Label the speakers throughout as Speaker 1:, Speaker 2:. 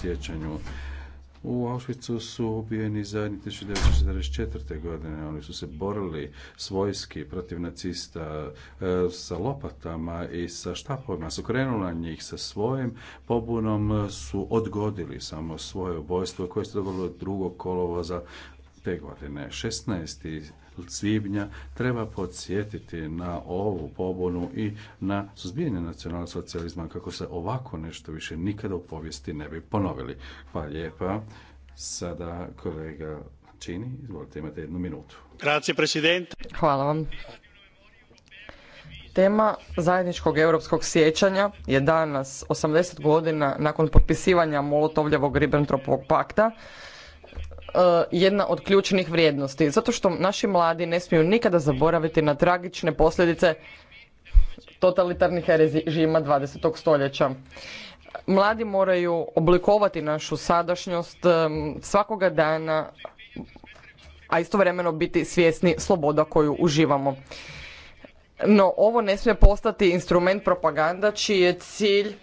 Speaker 1: sjećanju. U Auschwitzu su ubijeni zadnji 1944. godine. Oni su se borili svojski protiv nacista e, sa lopatama i sa štapovima. Su krenuli na njih sa svojim pobunom, e, su odgodili samo svoje ubojstvo koje se dogodilo drugog kolovoza te godine. 16 svibnja treba podsjetiti na ovu pobunu i na suzbijanje nacionalnog socijalizma kako se ovako nešto više nikada u povijesti ne bi ponovili. Hvala lijepa. Sada kolega Čini, izvolite, imate jednu minutu.
Speaker 2: Hvala vam. Tema zajedničkog europskog sjećanja je danas 80 godina nakon potpisivanja Molotovljevog Ribbentropovog pakta E, jedna od ključnih vrijednosti zato što naši mladi ne smiju nikada zaboraviti na tragične posljedice totalitarnih režima 20. stoljeća. Mladi moraju oblikovati našu sadašnjost e, svakoga dana, a istovremeno biti svjesni sloboda koju uživamo. No, ovo ne smije postati instrument propaganda čiji je cilj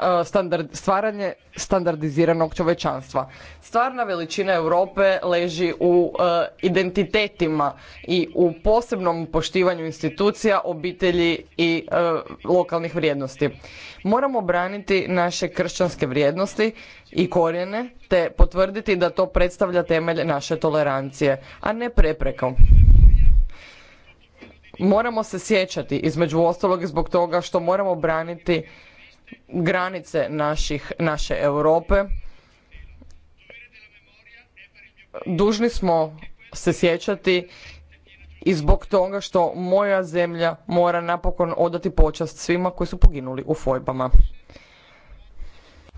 Speaker 2: E, standard, stvaranje standardiziranog čovečanstva. Stvarna veličina Europe leži u e, identitetima i u posebnom poštivanju institucija, obitelji i e, lokalnih vrijednosti. Moramo braniti naše kršćanske vrijednosti i korijene te potvrditi da to predstavlja temelj naše tolerancije, a ne preprekom. Moramo se sjećati između ostalog zbog toga što moramo braniti granice naših, naše Europe. Dužni smo se sjećati i zbog toga što moja zemlja mora napokon odati počast svima koji su poginuli u fojbama.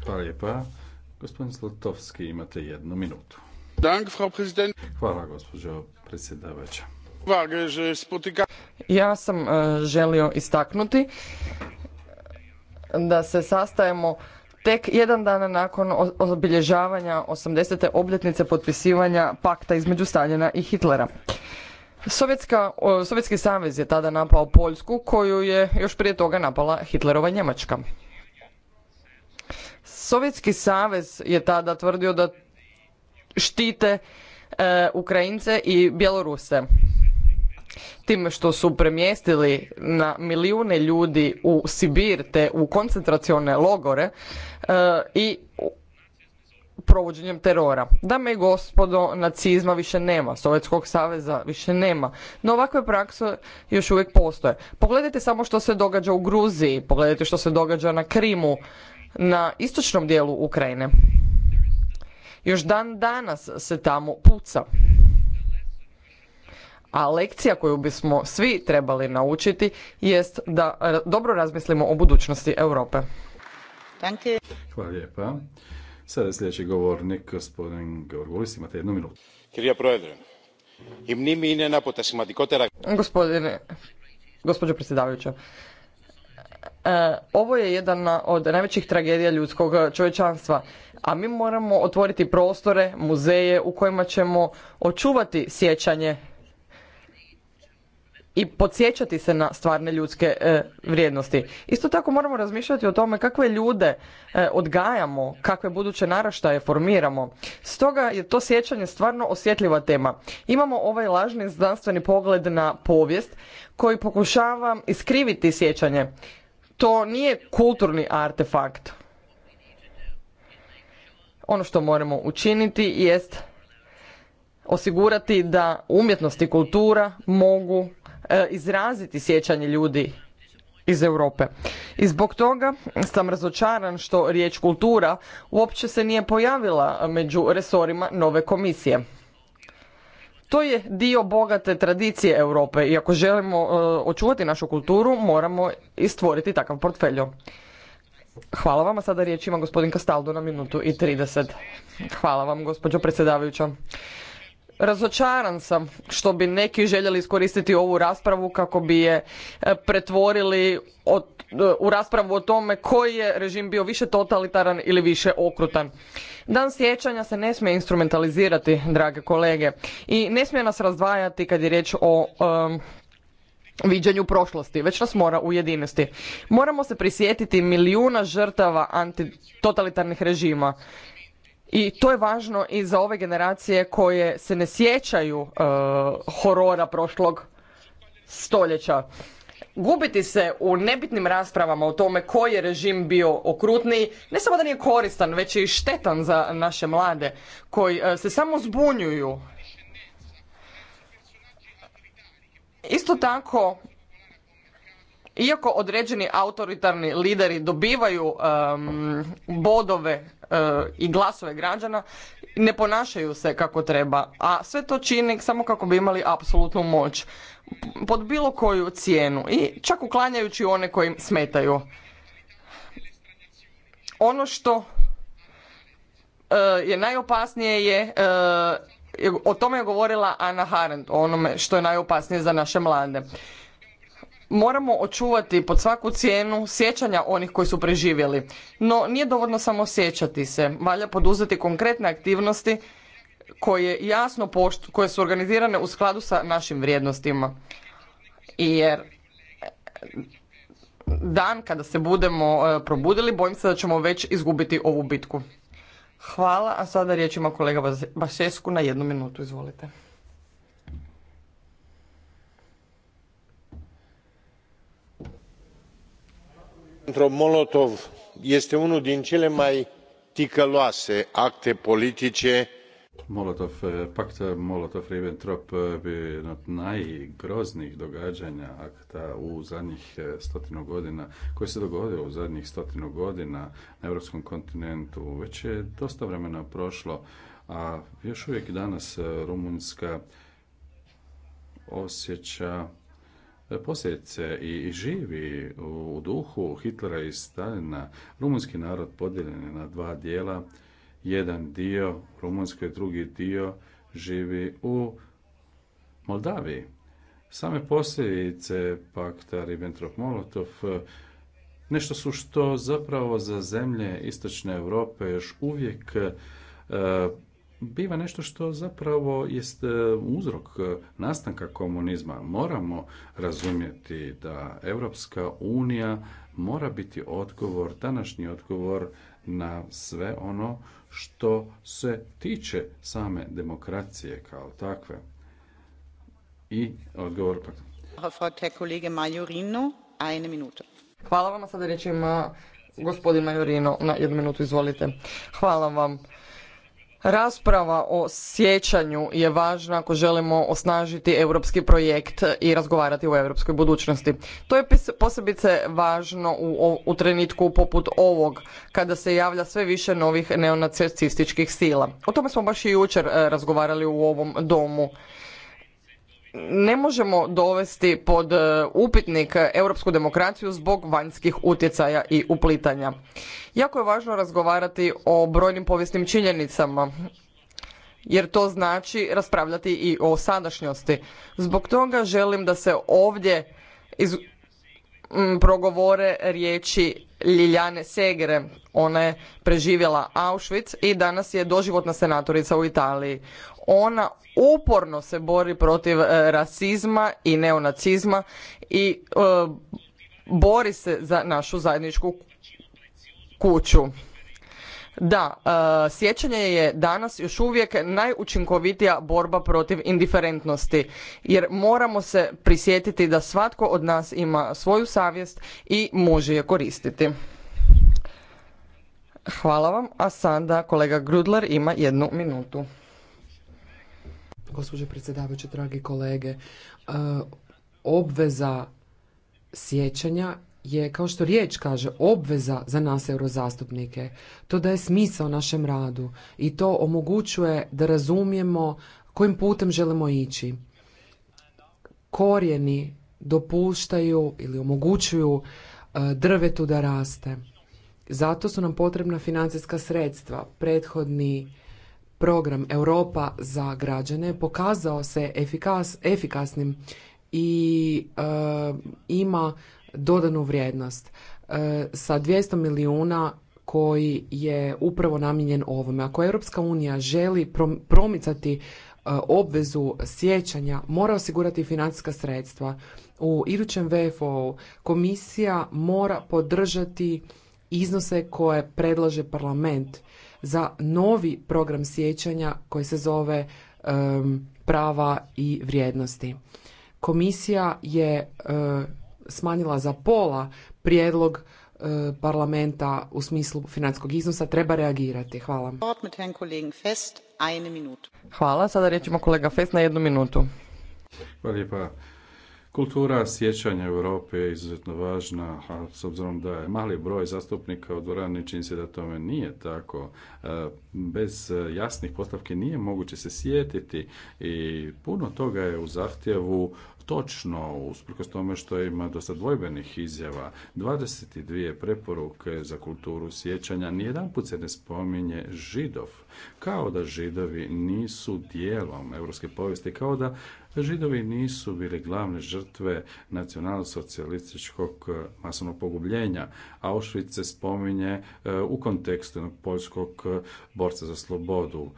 Speaker 1: Hvala lijepa. Gospodin Slotovski, imate jednu minutu. Hvala, gospođo predsjedavača.
Speaker 2: Ja sam e, želio istaknuti da se sastajemo tek jedan dana nakon obilježavanja 80. obljetnice potpisivanja pakta između Staljina i Hitlera. Sovjetska, Sovjetski savez je tada napao Poljsku koju je još prije toga napala Hitlerova Njemačka. Sovjetski savez je tada tvrdio da štite e, Ukrajince i Bjeloruse time što su premjestili na milijune ljudi u Sibir te u koncentracione logore e, i provođenjem terora. Dame i gospodo, nacizma više nema, Sovjetskog saveza više nema, no ovakve prakse još uvijek postoje. Pogledajte samo što se događa u Gruziji, pogledajte što se događa na Krimu, na istočnom dijelu Ukrajine. Još dan danas se tamo puca. A lekcija koju bismo svi trebali naučiti jest da dobro razmislimo o budućnosti Europe.
Speaker 1: Hvala lijepa. Sada je sljedeći govornik, gospodin imate jednu minutu. i
Speaker 2: Gospodine, gospođo predsjedavajuća, e, ovo je jedna od najvećih tragedija ljudskog čovječanstva, a mi moramo otvoriti prostore, muzeje u kojima ćemo očuvati sjećanje i podsjećati se na stvarne ljudske e, vrijednosti. Isto tako moramo razmišljati o tome kakve ljude e, odgajamo, kakve buduće naraštaje formiramo. Stoga je to sjećanje stvarno osjetljiva tema. Imamo ovaj lažni znanstveni pogled na povijest koji pokušava iskriviti sjećanje. To nije kulturni artefakt. Ono što moramo učiniti jest osigurati da umjetnost i kultura mogu E, izraziti sjećanje ljudi iz Europe. I zbog toga sam razočaran što riječ kultura uopće se nije pojavila među resorima nove komisije. To je dio bogate tradicije Europe i ako želimo e, očuvati našu kulturu moramo i stvoriti takav portfeljo. Hvala vam, a sada riječ ima gospodin Kastaldo na minutu i 30. Hvala vam, gospođo predsjedavajuća. Razočaran sam što bi neki željeli iskoristiti ovu raspravu kako bi je e, pretvorili e, u raspravu o tome koji je režim bio više totalitaran ili više okrutan. Dan sjećanja se ne smije instrumentalizirati, drage kolege, i ne smije nas razdvajati kad je riječ o viđenju prošlosti, već nas mora ujediniti. Moramo se prisjetiti milijuna žrtava antitotalitarnih režima i to je važno i za ove generacije koje se ne sjećaju e, horora prošlog stoljeća gubiti se u nebitnim raspravama o tome koji je režim bio okrutniji ne samo da nije koristan već i štetan za naše mlade koji e, se samo zbunjuju isto tako iako određeni autoritarni lideri dobivaju bodove E, i glasove građana ne ponašaju se kako treba, a sve to čini samo kako bi imali apsolutnu moć pod bilo koju cijenu i čak uklanjajući one koji smetaju. Ono što e, je najopasnije je e, o tome je govorila Ana Harent, o onome što je najopasnije za naše mlade moramo očuvati pod svaku cijenu sjećanja onih koji su preživjeli. No nije dovoljno samo sjećati se, valja poduzeti konkretne aktivnosti koje jasno koje su organizirane u skladu sa našim vrijednostima. Jer dan kada se budemo e, probudili, bojim se da ćemo već izgubiti ovu bitku. Hvala, a sada riječ ima kolega Basesku na jednu minutu, izvolite.
Speaker 1: molotov este unul din cele mai ticăloase acte politice Molotov, eh, pakt Molotov-Ribbentrop je jedno od najgroznijih događanja akta u zadnjih eh, stotinu godina, koji se dogodio u zadnjih stotinu godina na europskom kontinentu. Već je dosta vremena prošlo, a još uvijek danas eh, Rumunjska osjeća posljedice i živi u duhu Hitlera i Stalina. Rumunski narod podijeljen je na dva dijela. Jedan dio Rumunske, drugi dio živi u Moldaviji. Same posljedice pakta Ribbentrop-Molotov nešto su što zapravo za zemlje Istočne Europe još uvijek e, biva nešto što zapravo jest e, uzrok e, nastanka komunizma. Moramo razumjeti da Europska unija mora biti odgovor, današnji odgovor na sve ono što se tiče same demokracije kao takve. I odgovor pak.
Speaker 2: Hvala vam, sada riječ ima gospodin Majorino na jednu minutu, izvolite. Hvala vam. Rasprava o sjećanju je važna ako želimo osnažiti europski projekt i razgovarati o europskoj budućnosti. To je posebice važno u, u trenutku poput ovog, kada se javlja sve više novih neonacističkih sila. O tome smo baš i jučer e, razgovarali u ovom domu ne možemo dovesti pod e, upitnik europsku demokraciju zbog vanjskih utjecaja i uplitanja. Jako je važno razgovarati o brojnim povijesnim činjenicama jer to znači raspravljati i o sadašnjosti. Zbog toga želim da se ovdje progovore riječi Liljane Segre. Ona je preživjela Auschwitz i danas je doživotna senatorica u Italiji. Ona uporno se bori protiv e, rasizma i neonacizma i e, bori se za našu zajedničku kuću. Da, e, sjećanje je danas još uvijek najučinkovitija borba protiv indiferentnosti, jer moramo se prisjetiti da svatko od nas ima svoju savjest i može je koristiti. Hvala vam, a sada kolega Grudler ima jednu minutu.
Speaker 3: Gospođo dragi kolege, e, obveza sjećanja je, kao što riječ kaže, obveza za nas eurozastupnike. To daje smisao našem radu i to omogućuje da razumijemo kojim putem želimo ići. Korijeni dopuštaju ili omogućuju e, drvetu da raste. Zato su nam potrebna financijska sredstva. Prethodni program Europa za građane pokazao se efikasnim i e, ima dodanu vrijednost e, sa 200 milijuna koji je upravo namijenjen ovome. Ako Europska unija želi promicati e, obvezu sjećanja, mora osigurati financijska sredstva. U idućem VFO komisija mora podržati iznose koje predlaže parlament za novi program sjećanja koji se zove e, prava i vrijednosti. Komisija je smanjila za pola prijedlog e, parlamenta u smislu financijskog iznosa treba reagirati.
Speaker 4: Hvala.
Speaker 2: Hvala. Sada rečimo kolega Fest na jednu minutu.
Speaker 1: Hvala lijepa. Kultura sjećanja Europe je izuzetno važna, a s obzirom da je mali broj zastupnika u dvorani, čini se da tome nije tako. E, bez e, jasnih postavki nije moguće se sjetiti i puno toga je u zahtjevu točno, usprkos tome što ima dosta dvojbenih izjava. 22 preporuke za kulturu sjećanja, nijedan put se ne spominje židov, kao da židovi nisu dijelom europske povijesti, kao da Židovi nisu bili glavne žrtve nacionalsocijalističkog eh, masovnog pogubljenja. Auschwitz se spominje eh, u kontekstu poljskog eh, borca za slobodu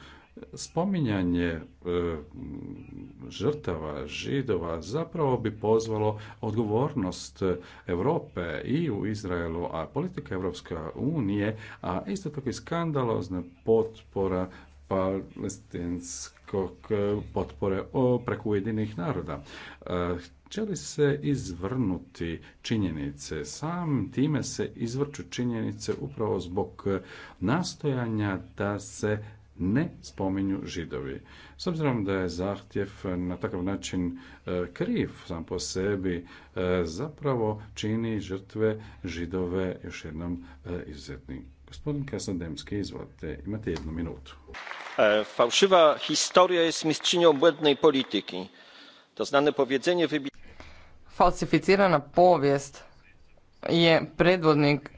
Speaker 1: spominjanje e, žrtava židova zapravo bi pozvalo odgovornost Europe i u Izraelu, a politika Europske unije, a isto tako i skandalozna potpora palestinskog e, potpore preko Ujedinih naroda. Čeli e, se izvrnuti činjenice, sam time se izvrću činjenice upravo zbog nastojanja da se ne spominju židovi. S obzirom da je zahtjev na takav način e, kriv sam po sebi, e, zapravo čini žrtve židove još jednom e, izuzetnim. Gospodin Kasademski, izvolite, imate jednu minutu. Fałszywa historia jest mistrzynią błędnej polityki. To znane powiedzenie
Speaker 2: Falsificirana povijest je predvodnik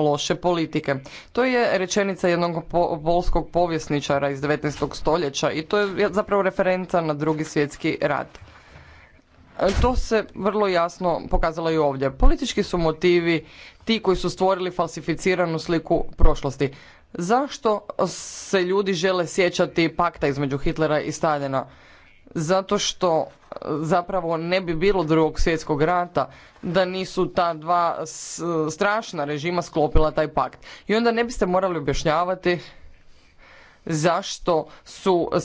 Speaker 2: loše politike. To je rečenica jednog polskog povjesničara iz 19. stoljeća i to je zapravo referenca na drugi svjetski rat. E, to se vrlo jasno pokazalo i ovdje. Politički su motivi ti koji su stvorili falsificiranu sliku prošlosti. Zašto se ljudi žele sjećati pakta između Hitlera i Staljina? zato što e, zapravo ne bi bilo drugog svjetskog rata da nisu ta dva strašna režima sklopila taj pakt. I onda ne biste morali objašnjavati zašto su e,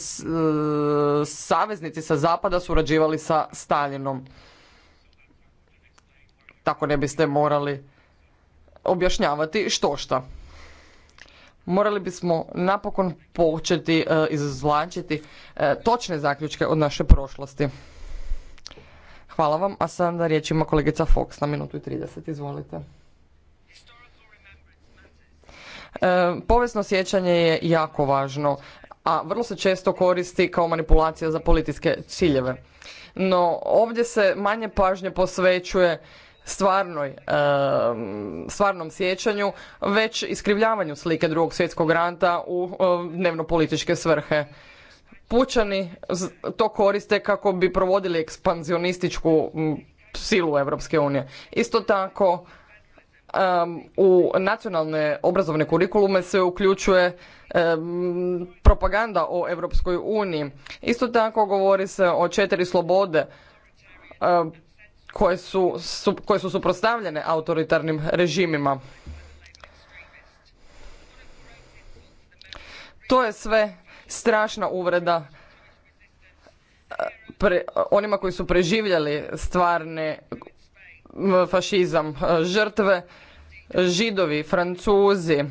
Speaker 2: saveznici sa zapada surađivali sa Stalinom. Tako ne biste morali objašnjavati što šta morali bismo napokon početi e, izvlačiti e, točne zaključke od naše prošlosti. Hvala vam, a sada riječ ima kolegica Fox na minutu i 30, izvolite. E, povijesno sjećanje je jako važno, a vrlo se često koristi kao manipulacija za političke ciljeve. No ovdje se manje pažnje posvećuje stvarnoj, stvarnom sjećanju, već iskrivljavanju slike drugog svjetskog rata u dnevno političke svrhe. Pučani to koriste kako bi provodili ekspanzionističku silu Europske unije. Isto tako, u nacionalne obrazovne kurikulume se uključuje propaganda o Europskoj uniji. Isto tako govori se o četiri slobode, koje su, su, koje su suprotstavljene autoritarnim režimima. To je sve strašna uvreda eh, onima koji su preživljali stvarne fašizam, eh, žrtve židovi, francuzi, eh,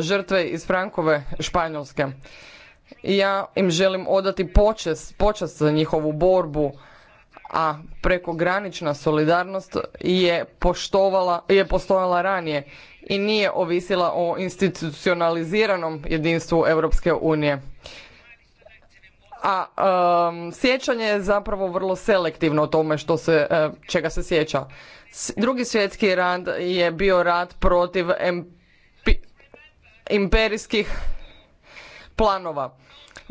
Speaker 2: žrtve iz Frankove Španjolske. Ja im želim odati počest, počast za njihovu borbu a prekogranična solidarnost je poštovala, je postojala ranije i nije ovisila o institucionaliziranom jedinstvu Europske unije. A um, sjećanje je zapravo vrlo selektivno o tome što se, e, čega se sjeća. Drugi svjetski rad je bio rad protiv imperijskih planova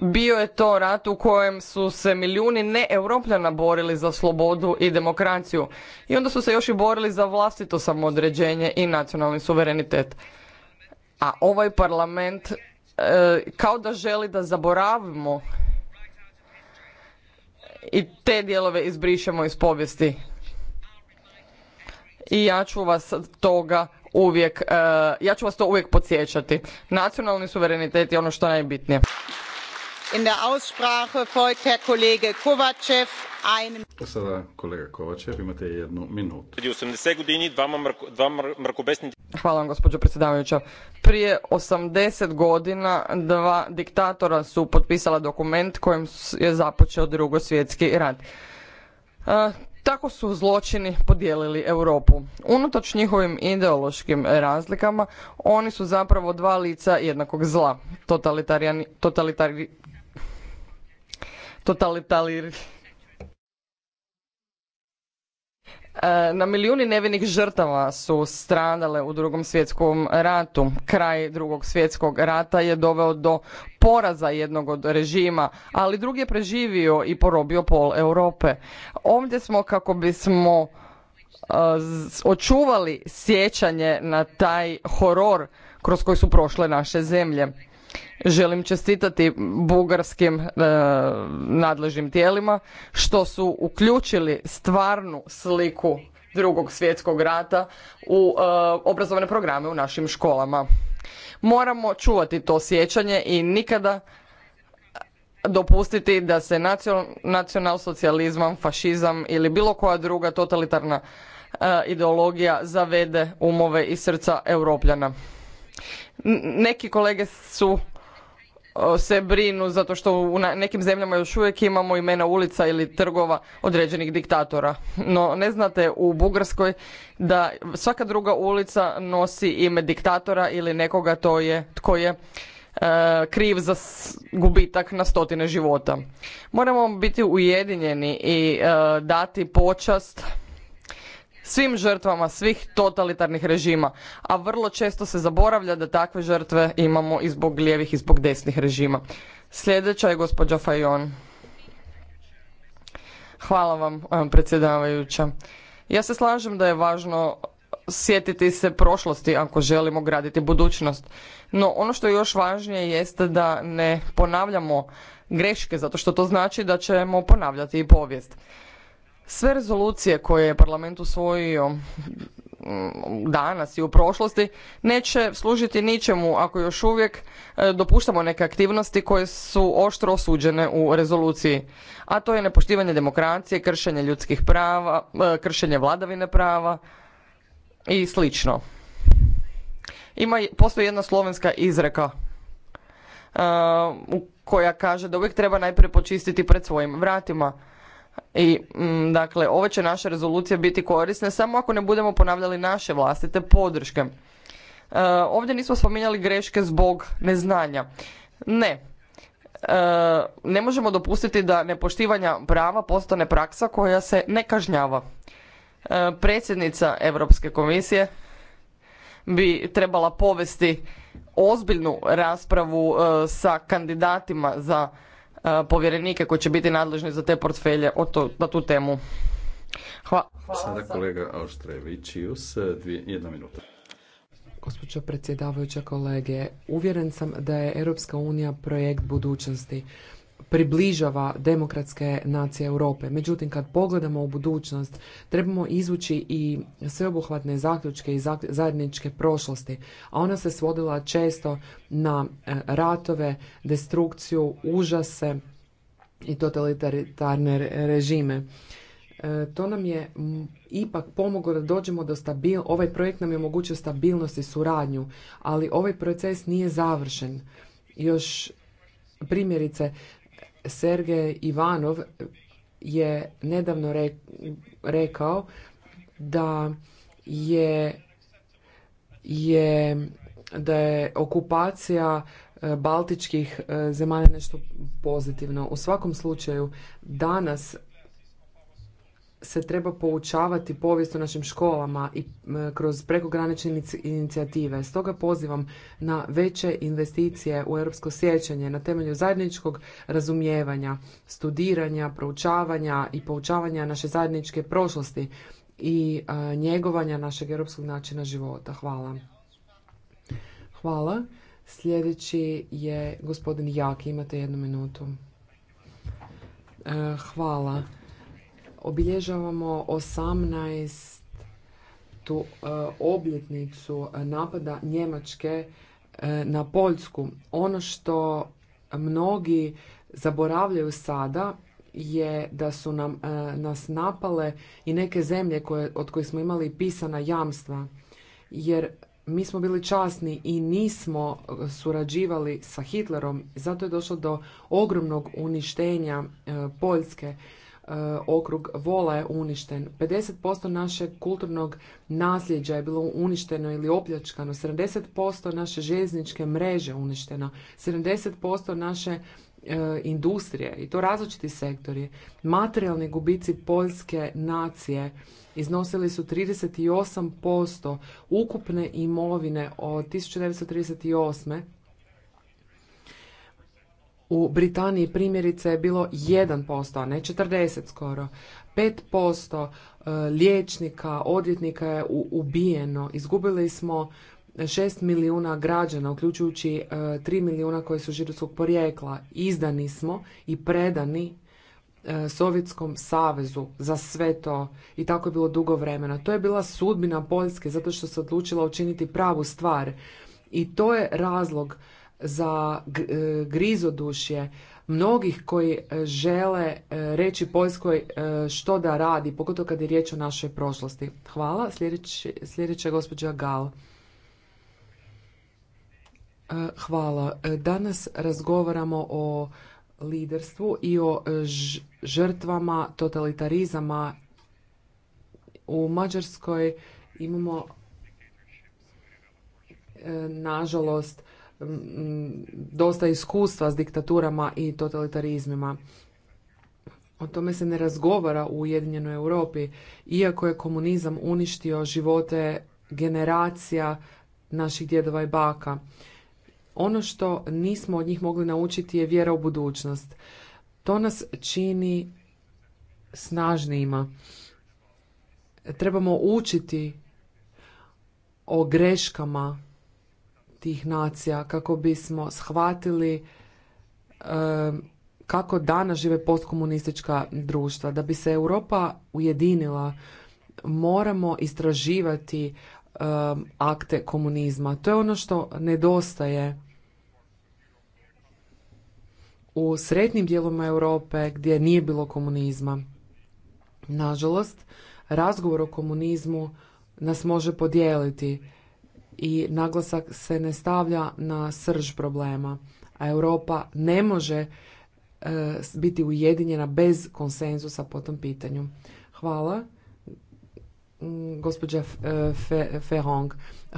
Speaker 2: bio je to rat u kojem su se milijuni neeuropljana borili za slobodu i demokraciju i onda su se još i borili za vlastito samoodređenje i nacionalni suverenitet. A ovaj parlament e, kao da želi da zaboravimo i te dijelove izbrišemo iz povijesti. I ja ću vas toga uvijek, e, ja ću vas to uvijek podsjećati. Nacionalni suverenitet je ono što je najbitnije.
Speaker 4: In der
Speaker 1: kolega Kovačev, imate jednu minutu.
Speaker 2: Hvala vam gospođo predsjedavajuća. Prije 80 godina dva diktatora su potpisala dokument kojim je započeo drugo svjetski rat. E, tako su zločini podijelili Europu. Unatoč njihovim ideološkim razlikama, oni su zapravo dva lica jednakog zla. Totalitarian, totalitari, E, na milijuni nevinih žrtava su stradale u drugom svjetskom ratu. Kraj drugog svjetskog rata je doveo do poraza jednog od režima, ali drugi je preživio i porobio pol Europe. Ovdje smo kako bismo e, očuvali sjećanje na taj horor kroz koji su prošle naše zemlje. Želim čestitati bugarskim e, nadležnim tijelima što su uključili stvarnu sliku drugog svjetskog rata u e, obrazovne programe u našim školama. Moramo čuvati to sjećanje i nikada dopustiti da se nacionalsocijalizam, fašizam ili bilo koja druga totalitarna e, ideologija zavede umove i srca europljana. neki kolege su se brinu zato što u nekim zemljama još uvijek imamo imena ulica ili trgova određenih diktatora. No ne znate u Bugarskoj da svaka druga ulica nosi ime diktatora ili nekoga to je, tko je e, kriv za gubitak na stotine života. Moramo biti ujedinjeni i e, dati počast svim žrtvama svih totalitarnih režima, a vrlo često se zaboravlja da takve žrtve imamo i zbog lijevih i zbog desnih režima. Sljedeća je gospođa Fajon. Hvala vam, eh, predsjedavajuća. Ja se slažem da je važno sjetiti se prošlosti ako želimo graditi budućnost. No ono što je još važnije jeste da ne ponavljamo greške zato što to znači da ćemo ponavljati i povijest. Sve rezolucije koje je parlament usvojio mm, danas i u prošlosti neće služiti ničemu ako još uvijek e, dopuštamo neke aktivnosti koje su oštro osuđene u rezoluciji, a to je nepoštivanje demokracije, kršenje ljudskih prava, e, kršenje vladavine prava i slično. Ima, postoji jedna slovenska izreka e, koja kaže da uvijek treba najprije počistiti pred svojim vratima i mm, dakle, ove će naše rezolucije biti korisne samo ako ne budemo ponavljali naše vlastite podrške. E, ovdje nismo spominjali greške zbog neznanja. Ne. E, ne možemo dopustiti da nepoštivanja prava postane praksa koja se ne kažnjava. E, predsjednica Europske komisije bi trebala povesti ozbiljnu raspravu sa kandidatima za E, povjerenike koji će biti nadležni za te portfelje o
Speaker 1: to, na tu temu. Hva Hvala. Sada kolega Auštrevićius, jedna minuta.
Speaker 3: Gospođo predsjedavajuća kolege, uvjeren sam da je Europska unija projekt budućnosti približava demokratske nacije Europe. Međutim, kad pogledamo u budućnost, trebamo izvući i sveobuhvatne zaključke i zajedničke prošlosti, a ona se svodila često na e, ratove, destrukciju, užase i totalitarne režime. E, to nam je ipak pomoglo da dođemo do stabilnosti. ovaj projekt nam je omogućio stabilnost i suradnju, ali ovaj proces nije završen. Još primjerice Sergej Ivanov je nedavno rekao da je, je da je okupacija e, baltičkih e, zemalja nešto pozitivno. U svakom slučaju danas se treba poučavati povijest u našim školama i kroz prekogranične inicijative. Stoga pozivam na veće investicije u europsko sjećanje na temelju zajedničkog razumijevanja, studiranja, proučavanja i poučavanja naše zajedničke prošlosti i e, njegovanja našeg europskog načina života. Hvala. Hvala. Sljedeći je gospodin Jaki. Imate jednu minutu. E, hvala obilježavamo 18 tu e, obljetnicu napada Njemačke e, na Poljsku. Ono što mnogi zaboravljaju sada je da su nam, e, nas napale i neke zemlje koje, od kojih smo imali pisana jamstva. Jer mi smo bili časni i nismo surađivali sa Hitlerom. Zato je došlo do ogromnog uništenja Poljske. E, okrug Vola je uništen. 50% našeg kulturnog nasljeđa je bilo uništeno ili opljačkano. 70% naše željezničke mreže uništeno. 70% naše e, industrije i to različiti sektori. Materijalni gubici poljske nacije iznosili su 38% ukupne imovine od 1938 u Britaniji primjerice je bilo 1%, a ne 40 skoro. 5% e, liječnika, odvjetnika je ubijeno. Izgubili smo 6 milijuna građana, uključujući 3 e, milijuna koji su židovskog porijekla. Izdani smo i predani e, Sovjetskom savezu za sve to i tako je bilo dugo vremena. To je bila sudbina Poljske zato što se odlučila učiniti pravu stvar i to je razlog za e, grizodušje mnogih koji e, žele e, reći Poljskoj što da radi, pogotovo kad je riječ o našoj prošlosti. Hvala. Sljedeći, sljedeća je gospođa Gal. Hvala. Danas razgovaramo o liderstvu i o žrtvama totalitarizama. U Mađarskoj imamo nažalost dosta iskustva s diktaturama i totalitarizmima. O tome se ne razgovara u Ujedinjenoj Europi, iako je komunizam uništio živote generacija naših djedova i baka. Ono što nismo od njih mogli naučiti je vjera u budućnost. To nas čini snažnijima. Trebamo učiti o greškama tih nacija kako bismo shvatili e, kako danas žive postkomunistička društva. Da bi se Europa ujedinila, moramo istraživati e, akte komunizma. To je ono što nedostaje u sretnim dijelovima Europe gdje nije bilo komunizma. Nažalost, razgovor o komunizmu nas može podijeliti i naglasak se ne stavlja na srž problema, a Europa ne može e, biti ujedinjena bez konsenzusa po tom pitanju. Hvala. Mm, gospođa e, Ferong,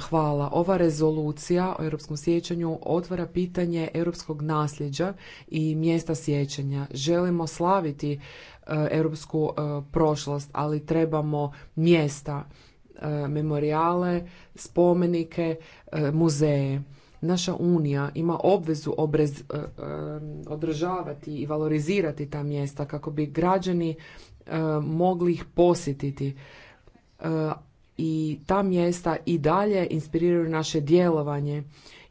Speaker 3: hvala. Ova rezolucija o europskom sjećanju otvara pitanje europskog nasljeđa i mjesta sjećanja. Želimo slaviti e, europsku prošlost, ali trebamo mjesta E, memorijale, spomenike, e, muzeje. Naša unija ima obvezu obrez, e, održavati i valorizirati ta mjesta kako bi građani mogli ih posjetiti. I ta mjesta i dalje inspiriraju naše djelovanje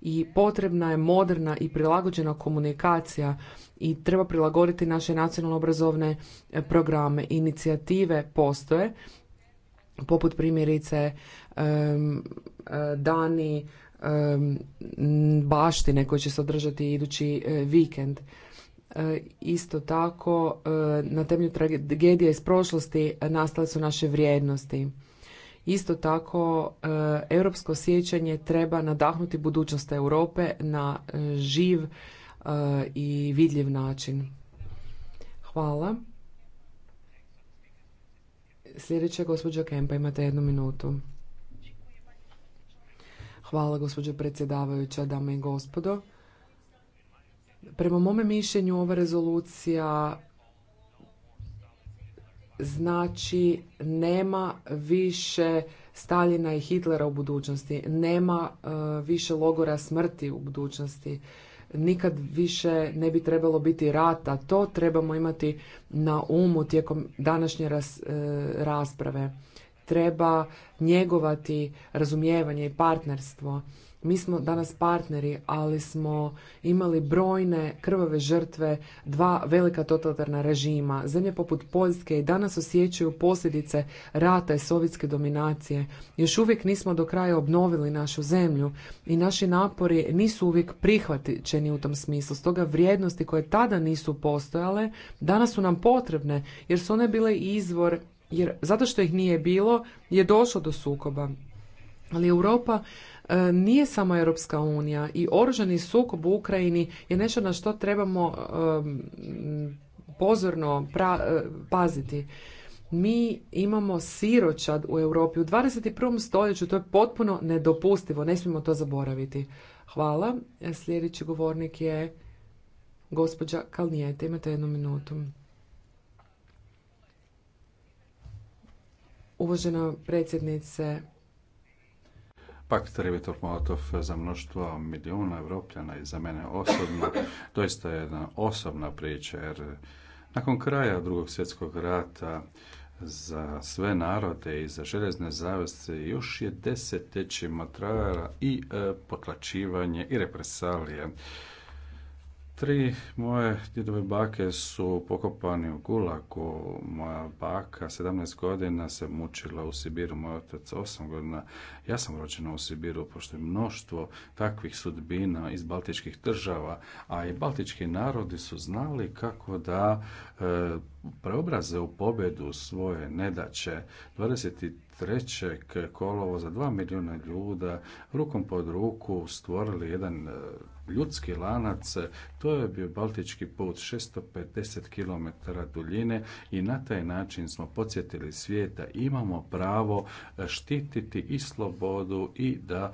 Speaker 3: i potrebna je moderna i prilagođena komunikacija i treba prilagoditi naše nacionalno obrazovne programe. Inicijative postoje, poput primjerice e, dani baštine koji će se održati idući e, vikend. E, isto tako, na temelju tragedije iz prošlosti nastale su naše vrijednosti. Isto tako, europsko sjećanje treba nadahnuti budućnost Europe na živ i vidljiv način. Hvala. Sljedeća gospođa Kempa, imate jednu minutu. Hvala gospođo predsjedavajuća, dame i gospodo. Prema mome mišljenju ova rezolucija znači nema više Staljina i Hitlera u budućnosti, nema e, više logora smrti u budućnosti nikad više ne bi trebalo biti rata. To trebamo imati na umu tijekom današnje e, rasprave. Treba njegovati razumijevanje i partnerstvo mi smo danas partneri, ali smo imali brojne krvave žrtve, dva velika totalitarna režima. Zemlje poput Poljske i danas osjećaju posljedice rata i sovjetske dominacije. Još uvijek nismo do kraja obnovili našu zemlju i naši napori nisu uvijek prihvaćeni u tom smislu. Stoga vrijednosti koje tada nisu postojale, danas su nam potrebne jer su one bile izvor jer zato što ih nije bilo je došlo do sukoba ali Europa e, nije samo Europska unija i oružani sukob u Ukrajini je nešto na što trebamo pozorno e, paziti. Mi imamo siročad u Europi u 21. stoljeću, to je potpuno nedopustivo, ne smijemo to zaboraviti. Hvala. E, sljedeći govornik je gospođa Kalnijete. Imate jednu minutu. Uvažena predsjednice
Speaker 1: Pakt Ribbentrop-Molotov za mnoštvo milijuna Evropljana i za mene osobno doista je jedna osobna priča jer nakon kraja drugog svjetskog rata za sve narode i za železne zavese još je desetljećima trajala i e, potlačivanje i represalije Tri moje djedove bake su pokopani u Gulagu. Moja baka 17 godina se mučila u Sibiru, moj otac 8 godina. Ja sam rođena u Sibiru, pošto je mnoštvo takvih sudbina iz baltičkih država, a i baltički narodi su znali kako da e, preobraze u pobjedu svoje nedaće 23. kolovo za dva milijuna ljuda rukom pod ruku stvorili jedan e, ljudski lanac, to je bio Baltički put 650 km duljine i na taj način smo podsjetili svijeta imamo pravo e, štititi i slobodu i da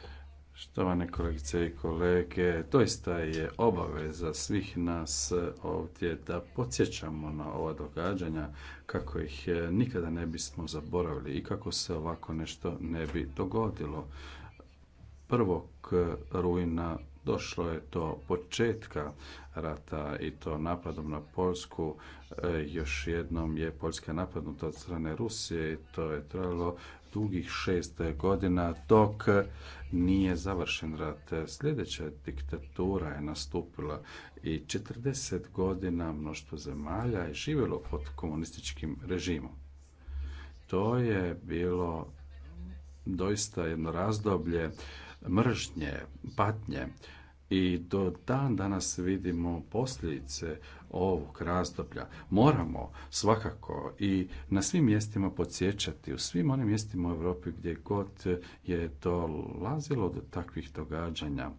Speaker 1: Štovane kolegice i kolege, doista je obaveza svih nas ovdje da podsjećamo na ova događanja kako ih e, nikada ne bismo zaboravili i kako se ovako nešto ne bi dogodilo. Prvog e, rujna došlo je do početka rata i to napadom na Poljsku. E, još jednom je Poljska napadnuta od strane Rusije i to je trajalo dugih šest godina dok nije završen rat. Sljedeća diktatura je nastupila i 40 godina mnoštvo zemalja je živjelo pod komunističkim režimom. To je bilo doista jedno razdoblje mržnje, patnje, i do dan danas vidimo posljedice ovog razdoblja. Moramo svakako i na svim mjestima podsjećati, u svim onim mjestima u Europi gdje god je dolazilo do takvih događanja.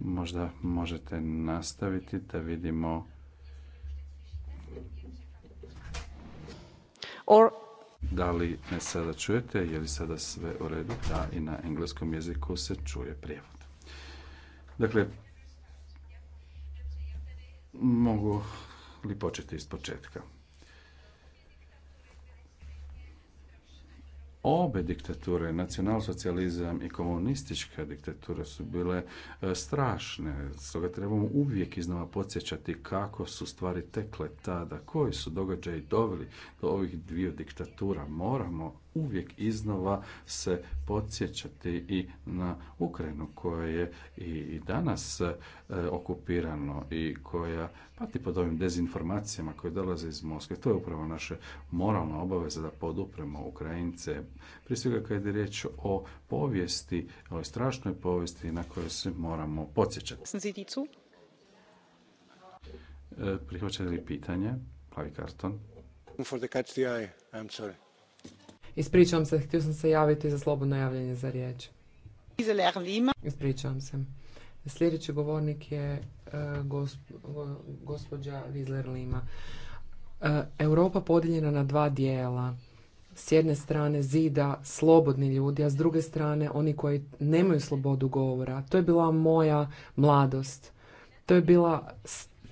Speaker 1: Možda možete nastaviti da vidimo... Da li me sada čujete? Je li sada sve u redu? Da, i na engleskom jeziku se čuje prijevod. Dakle, mogu li početi iz početka? Obe diktature, nacionalsocijalizam i komunistička diktatura su bile e, strašne, stoga trebamo uvijek iznova podsjećati kako su stvari tekle tada, koji su događaji doveli do ovih dviju diktatura. Moramo uvijek iznova se podsjećati i na Ukrajinu koja je i danas e, okupirano i koja pati pod ovim dezinformacijama koje dolaze iz Moskve. To je upravo naše moralna obaveza da podupremo Ukrajince. Prije svega kad je riječ o povijesti, o strašnoj povijesti na kojoj se moramo podsjećati. E, prihvaćate li pitanje? Plavi karton. For the I'm
Speaker 3: Ispričavam se, htio sam se javiti za slobodno javljanje za riječ. Ispričavam se. Sljedeći govornik je e, gospođa Vizler Lima. E, Europa podijeljena na dva dijela. S jedne strane zida slobodni ljudi, a s druge strane oni koji nemaju slobodu govora. To je bila moja mladost. To je bila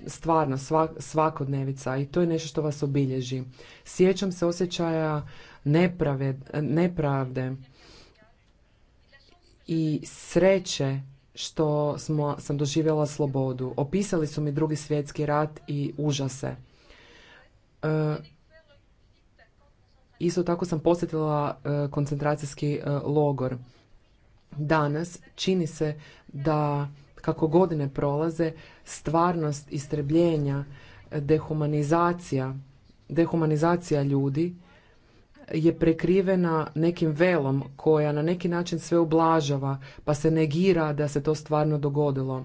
Speaker 3: stvarno svakodnevica i to je nešto što vas obilježi. Sjećam se osjećaja nepraved, nepravde i sreće što smo, sam doživjela slobodu. Opisali su mi drugi svjetski rat i užase. E, isto tako sam posjetila e, koncentracijski e, logor. Danas čini se da kako godine prolaze stvarnost istrebljenja, dehumanizacija, dehumanizacija ljudi je prekrivena nekim velom koja na neki način sve ublažava pa se negira da se to stvarno dogodilo.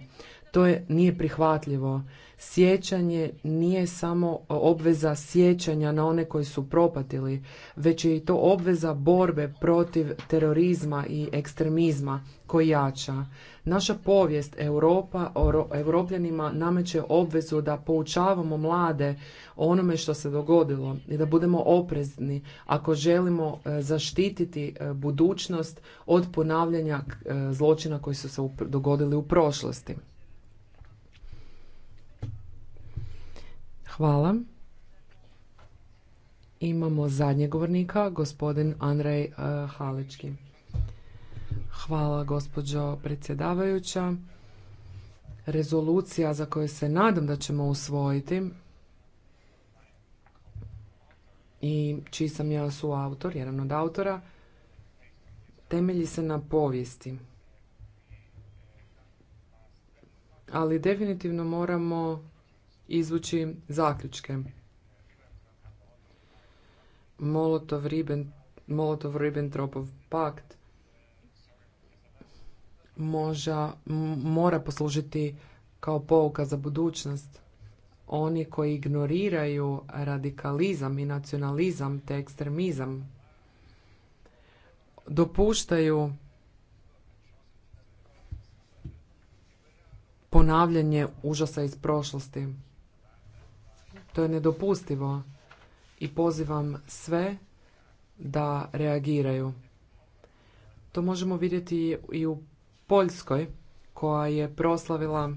Speaker 3: To nije prihvatljivo. Sjećanje nije samo obveza sjećanja na one koji su propatili, već je i to obveza borbe protiv terorizma i ekstremizma koji jača. Naša povijest Europa, Europljanima nameće obvezu da poučavamo mlade onome što se dogodilo i da budemo oprezni ako želimo e, zaštititi e, budućnost od ponavljanja e, zločina koji su se dogodili u prošlosti. Hvala. Imamo zadnjeg govornika, gospodin Andrej eh, Halečki. Hvala gospođo predsjedavajuća. Rezolucija za koju se nadam da ćemo usvojiti i čiji sam ja suautor, jedan od autora, temelji se na povijesti. Ali definitivno moramo izvući zaključke. Molotov-Ribbentropov pakt mora poslužiti kao pouka za budućnost. Oni koji ignoriraju radikalizam i nacionalizam te ekstremizam dopuštaju ponavljanje užasa iz prošlosti. To je nedopustivo i pozivam sve da reagiraju. To možemo vidjeti i u Poljskoj koja je proslavila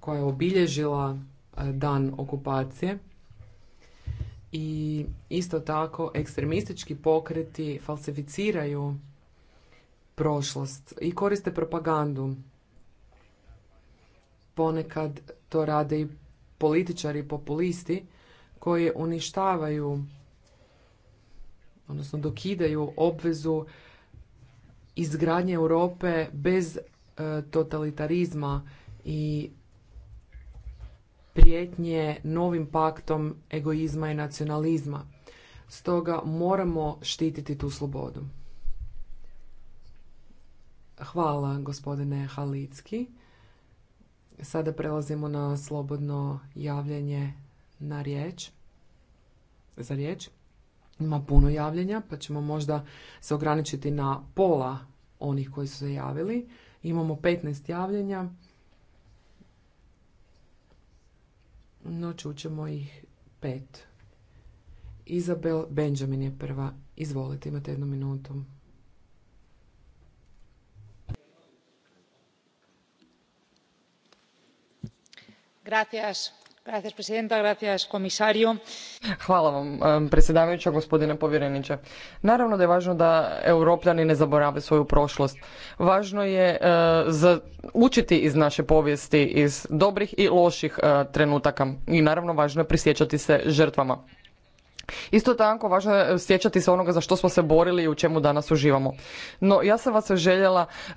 Speaker 3: koja je obilježila e, dan okupacije i isto tako ekstremistički pokreti falsificiraju prošlost i koriste propagandu ponekad to rade i političari populisti koji uništavaju odnosno dokidaju obvezu izgradnje Europe bez e, totalitarizma i prijetnje novim paktom egoizma i nacionalizma. Stoga moramo štititi tu slobodu. Hvala gospodine Halicki. Sada prelazimo na slobodno javljanje na riječ. Za riječ. Ima puno javljanja, pa ćemo možda se ograničiti na pola onih koji su se javili. Imamo 15 javljanja. No, ćemo ih pet. Izabel Benjamin je prva. Izvolite, imate jednu minutu.
Speaker 1: Gracias, presidenta,
Speaker 2: Hvala vam, predsjedavajuća, gospodine povjereniče. Naravno da je važno da europljani ne zaborave svoju prošlost. Važno je e, učiti iz naše povijesti, iz dobrih i loših e, trenutaka. I naravno važno je prisjećati se žrtvama. Isto tako važno je e, sjećati se onoga za što smo se borili i u čemu danas uživamo. No ja sam vas željela uh,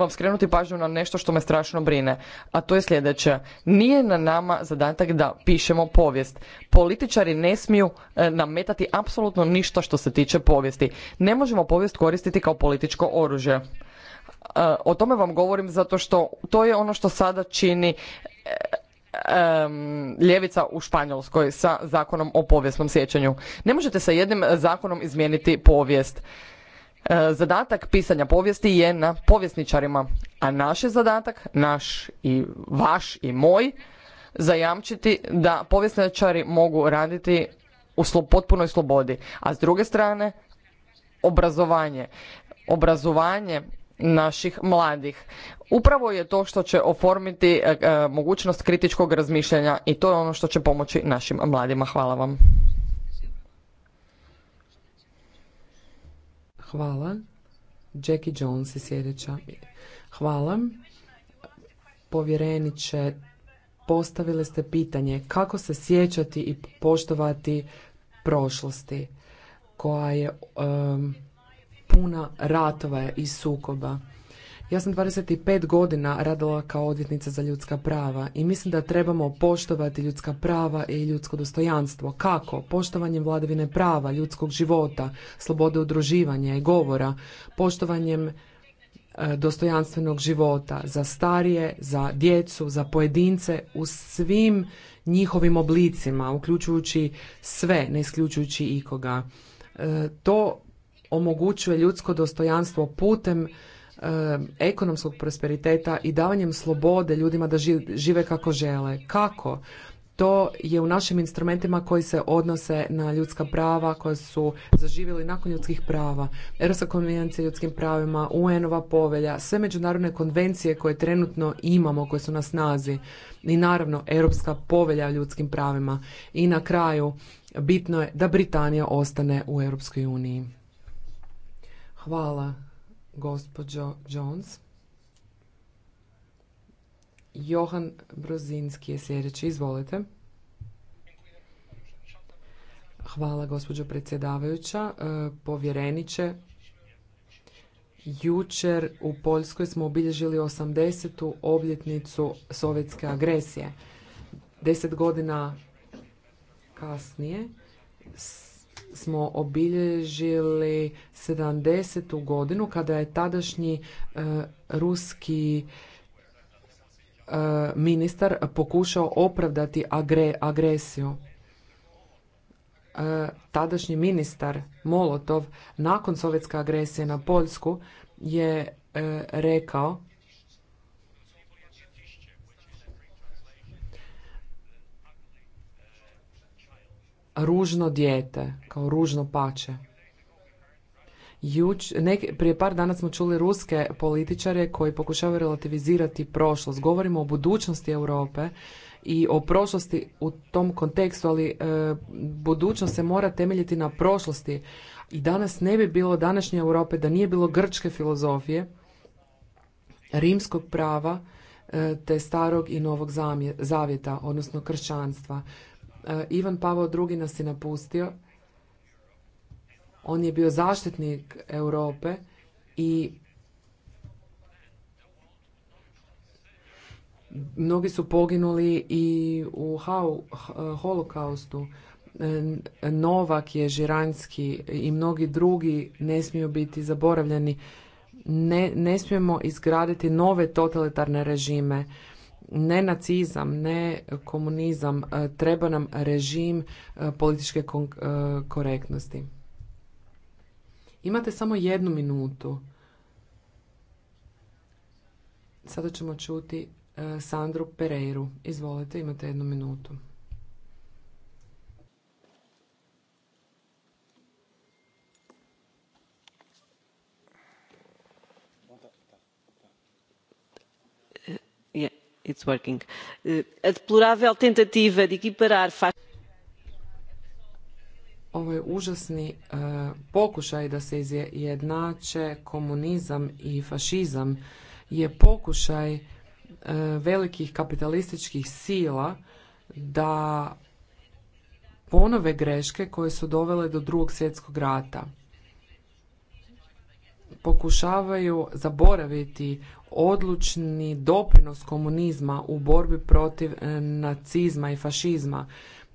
Speaker 2: vam skrenuti pažnju na nešto što me strašno brine, a to je sljedeće. Nije na nama zadatak da pišemo povijest. Političari ne smiju uh, nametati apsolutno ništa što se tiče povijesti. Ne možemo povijest koristiti kao političko oružje. o tome vam govorim zato što to je ono što sada čini ljevica u Španjolskoj sa zakonom o povijesnom sjećanju. Ne možete sa jednim zakonom izmijeniti povijest. E, zadatak pisanja povijesti je na povjesničarima, a naš je zadatak, naš i vaš i moj, zajamčiti da povjesničari mogu raditi u potpunoj slobodi. A s druge strane, obrazovanje. Obrazovanje naših mladih. Upravo je to što će oformiti e, e, mogućnost kritičkog razmišljanja i to je ono što će pomoći našim mladima. Hvala vam. Hvala.
Speaker 3: Jackie Jones je sljedeća. Hvala. Povjereniče, postavili ste pitanje kako se sjećati i poštovati prošlosti koja je puna ratova i sukoba. Ja sam 25 godina radila kao odvjetnica za ljudska prava i mislim da trebamo poštovati ljudska prava i ljudsko dostojanstvo. Kako? Poštovanjem vladavine prava, ljudskog života, slobode udruživanja i govora, poštovanjem e, dostojanstvenog života za starije, za djecu, za pojedince u svim njihovim oblicima, uključujući sve, ne isključujući ikoga. E, to omogućuje ljudsko dostojanstvo putem e, ekonomskog prosperiteta i davanjem slobode ljudima da žive kako žele. Kako? To je u našim instrumentima koji se odnose na ljudska prava koja su zaživjeli nakon ljudskih prava. Europska konvencija o ljudskim pravima, UN-ova povelja, sve međunarodne konvencije koje trenutno imamo, koje su na snazi i naravno Europska povelja o ljudskim pravima. I na kraju bitno je da Britanija ostane u Europskoj uniji. Hvala, gospođo Jones. Johan Brozinski je sljedeći. Izvolite. Hvala, gospođo predsjedavajuća. E, povjereniče, jučer u Poljskoj smo obilježili 80. obljetnicu sovjetske agresije. Deset godina kasnije smo obilježili 70. godinu kada je tadašnji e, ruski e, ministar pokušao opravdati agresiju. E, tadašnji ministar Molotov nakon sovjetske agresije na Poljsku je rekao ružno dijete, kao ružno pače. Juč, nek, prije par dana smo čuli ruske političare koji pokušavaju relativizirati prošlost. Govorimo o budućnosti Europe i o prošlosti u tom kontekstu, ali e, budućnost se mora temeljiti na prošlosti. I danas ne bi bilo današnje Europe da nije bilo grčke filozofije, rimskog prava, e, te starog i novog zavjeta, odnosno kršćanstva. E, Ivan Pavao II. nas je napustio. On je bio zaštitnik Europe i mnogi su poginuli i u e, holokaustu. E, Novak je Žiranski i mnogi drugi ne smiju biti zaboravljeni. Ne, ne smijemo izgraditi nove totalitarne režime ne nacizam, ne komunizam, e, treba nam režim e, političke e, korektnosti. Imate samo jednu minutu. Sada ćemo čuti Sandru Pereiru. Izvolite, imate jednu minutu. Eh, ovo je užasni eh, pokušaj da se izjednače komunizam i fašizam je pokušaj eh, velikih kapitalističkih sila da ponove greške koje su dovele do drugog svjetskog rata pokušavaju zaboraviti odlučni doprinos komunizma u borbi protiv e, nacizma i fašizma.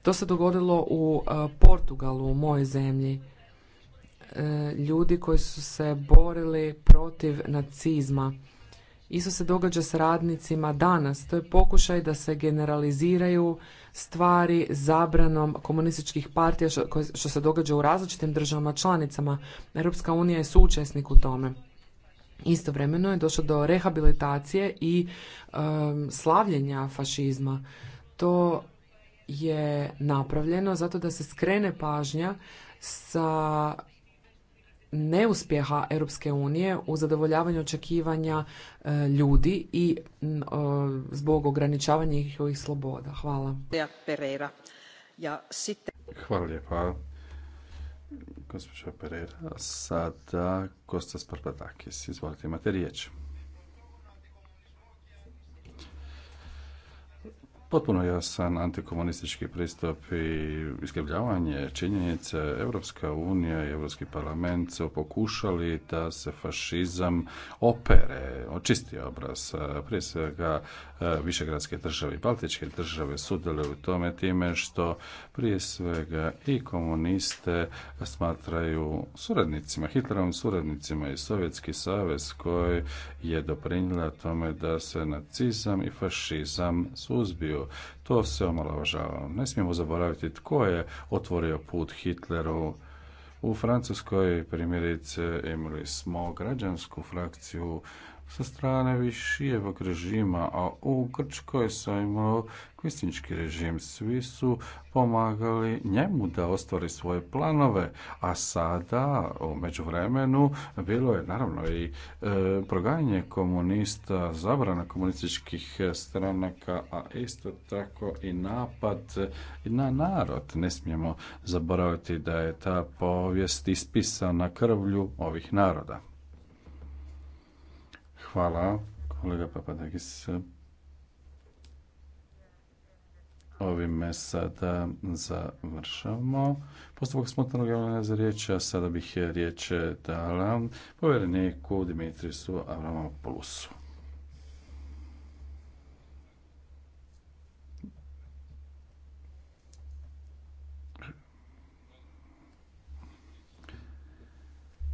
Speaker 3: To se dogodilo u e, Portugalu, u mojoj zemlji. E, ljudi koji su se borili protiv nacizma Isto se događa s radnicima danas. To je pokušaj da se generaliziraju stvari zabranom komunističkih partija što, se događa u različitim državama članicama. Europska unija je suučesnik u tome. Istovremeno je došlo do rehabilitacije i slavljenja fašizma. To je napravljeno zato da se skrene pažnja sa neuspjeha Europske unije u zadovoljavanju očekivanja e, ljudi i zbog ograničavanja njihovih sloboda. Hvala.
Speaker 1: Hvala lijepa. Gospođa Pereira, sada Kostas Parpadakis. Izvolite, imate riječ. potpuno jasan antikomunistički pristup i iskrivljavanje činjenice Europska unija i Europski parlament su pokušali da se fašizam opere, očisti obraz, prije svega višegradske države i baltičke države sudjeluju u tome time što prije svega i komuniste smatraju suradnicima, Hitlerovim suradnicima i Sovjetski savez koji je doprinjela tome da se nacizam i fašizam suzbiju Rusiju. To se omalovažava. Ne smijemo zaboraviti tko je otvorio put Hitleru. U Francuskoj primjerice imali smo građansku frakciju sa strane Višijevog režima, a u Grčkoj imao kvistinički režim. Svi su pomagali njemu da ostvari svoje planove, a sada, u međuvremenu, bilo je naravno i e, proganje komunista, zabrana komunističkih stranaka, a isto tako i napad na narod. Ne smijemo zaboraviti da je ta povijest ispisana krvlju ovih naroda. Hvala, kolega Papadakis. Ovime sada završamo. Postupak spontanog javljanja za riječ, a sada bih riječ dala povjereniku Dimitrisu Avramopoulosu.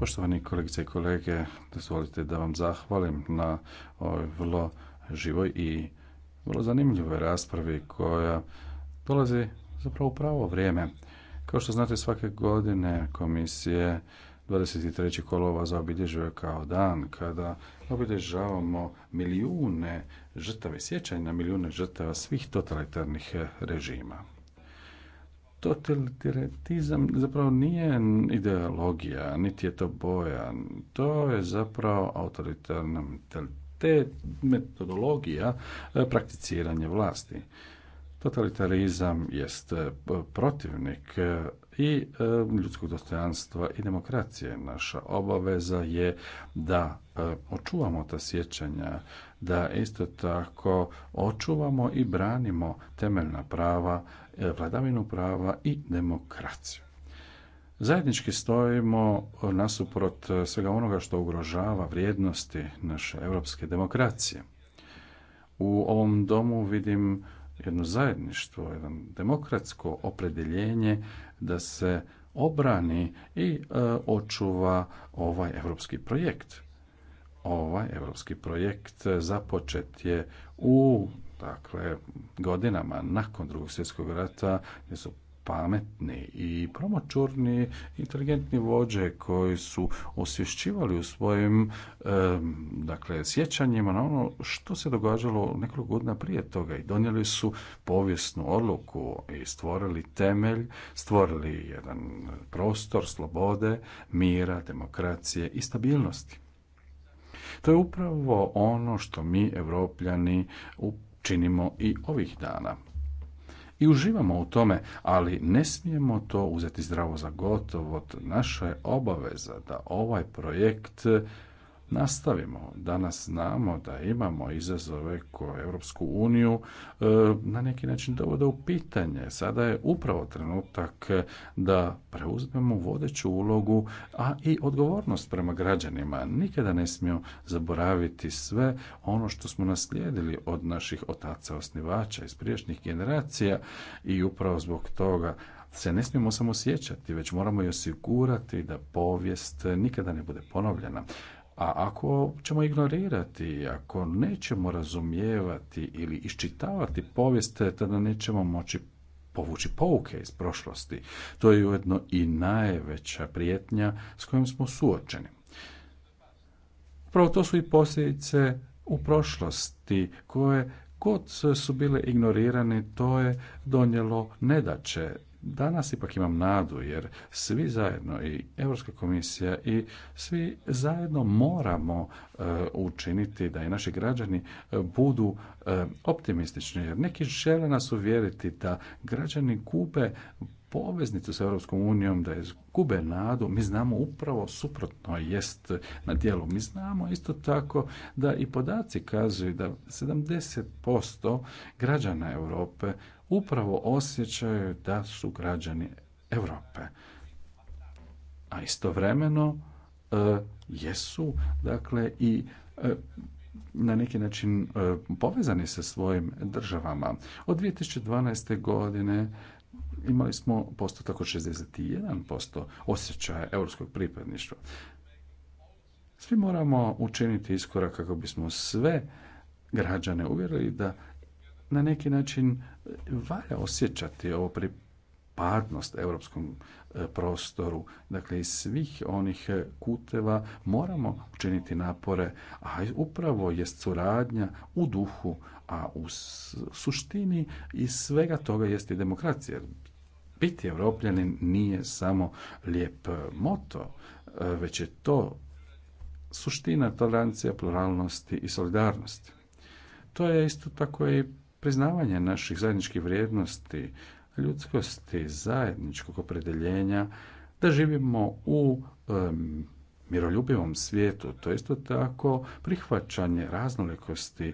Speaker 1: Poštovani kolegice i kolege, dozvolite da vam zahvalim na ovoj vrlo živoj i vrlo zanimljivoj raspravi koja dolazi zapravo u pravo vrijeme. Kao što znate, svake godine komisije 23. kolova zaobilježuje kao dan kada obilježavamo milijune žrtava i sjećanja na milijune žrtava svih totalitarnih režima. Totalitarizam zapravo nije ideologija, niti je to boja. To je zapravo autoritarna mentalitet, metodologija e, prakticiranja vlasti. Totalitarizam jest e, protivnik e, i ljudskog dostojanstva i demokracije. Naša obaveza je da očuvamo ta sjećanja, da isto tako očuvamo i branimo temeljna prava E, vladavinu prava i demokraciju. Zajednički stojimo nasuprot svega onoga što ugrožava vrijednosti naše europske demokracije. U ovom domu vidim jedno zajedništvo, jedno demokratsko opredjeljenje da se obrani i e, očuva ovaj europski projekt. Ovaj europski projekt započet je u Dakle, godinama nakon drugog svjetskog rata gdje su pametni i promočurni, inteligentni vođe koji su osvješćivali u svojim dakle, sjećanjima na ono što se događalo nekoliko godina prije toga i donijeli su povijesnu odluku i stvorili temelj, stvorili jedan prostor slobode, mira, demokracije i stabilnosti. To je upravo ono što mi, evropljani, u činimo i ovih dana. I uživamo u tome, ali ne smijemo to uzeti zdravo za gotovo. Naša je obaveza da ovaj projekt nastavimo. Danas znamo da imamo izazove koje Europsku uniju e, na neki način dovode u pitanje. Sada je upravo trenutak da preuzmemo vodeću ulogu, a i odgovornost prema građanima. Nikada ne smijemo zaboraviti sve ono što smo naslijedili od naših otaca osnivača iz prijašnjih generacija i upravo zbog toga se ne smijemo samo sjećati, već moramo i osigurati da povijest nikada ne bude ponovljena. A ako ćemo ignorirati, ako nećemo razumijevati ili iščitavati povijest, tada nećemo moći povući pouke iz prošlosti. To je ujedno i najveća prijetnja s kojom smo suočeni. Upravo to su i posljedice u prošlosti koje kod su bile ignorirane, to je donijelo nedaće Danas ipak imam nadu jer svi zajedno i Europska komisija i svi zajedno moramo e, učiniti da i naši građani e, budu e, optimistični jer neki žele nas uvjeriti da građani gube poveznicu s Europskom unijom, da je gube nadu, mi znamo upravo suprotno jest na dijelu. Mi znamo isto tako da i podaci kazuju da 70% građana Europe upravo osjećaju da su građani Europe. A istovremeno e, jesu dakle i e, na neki način e, povezani sa svojim državama. Od 2012. godine imali smo postotak od 61% osjećaja europskog pripadništva. Svi moramo učiniti iskorak kako bismo sve građane uvjerili da na neki način e, valja osjećati ovo pripadnost europskom e, prostoru, dakle iz svih onih e, kuteva moramo učiniti napore, a upravo je suradnja u duhu, a u suštini i svega toga jest i demokracija. Biti evropljanin nije samo lijep moto, već je to suština tolerancija, pluralnosti i solidarnosti. To je isto tako i priznavanje naših zajedničkih vrijednosti, ljudskosti, zajedničkog opredeljenja, da živimo u miroljubivom svijetu, to isto tako prihvaćanje raznolikosti,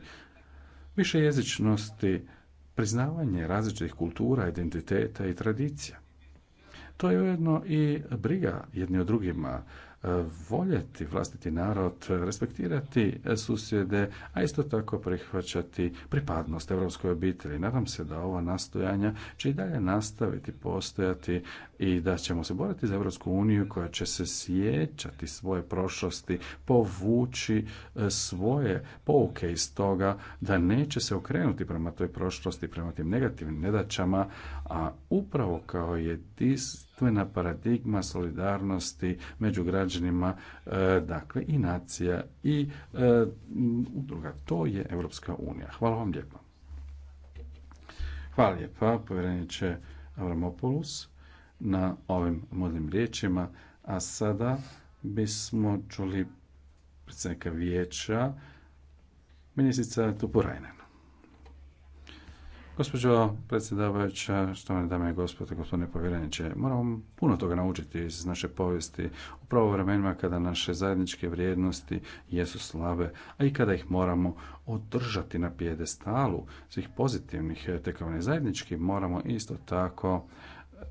Speaker 1: višejezičnosti, priznavanje različitih kultura, identiteta i tradicija. To je ujedno i briga jedni o drugima, voljeti vlastiti narod, respektirati susjede, a isto tako prihvaćati pripadnost europskoj obitelji. Nadam se da ova nastojanja će i dalje nastaviti postojati i da ćemo se boriti za Europsku uniju koja će se sjećati svoje prošlosti, povući e, svoje pouke iz toga da neće se okrenuti prema toj prošlosti, prema tim negativnim nedaćama, a upravo kao jedinstvena paradigma solidarnosti među građanima, e, dakle i nacija i e, udruga. To je Europska unija. Hvala vam lijepo. Hvala lijepa, povjereniče Avramopoulos na ovim mudrim riječima. A sada bismo čuli predsjednika vijeća, ministrica Tupurajnen. Gospođo predsjedavajuća, štovane dame i gospode, gospodine povjereniče, moramo puno toga naučiti iz naše povijesti, upravo u vremenima kada naše zajedničke vrijednosti jesu slabe, a i kada ih moramo održati na pjedestalu svih pozitivnih tekovina zajednički, moramo isto tako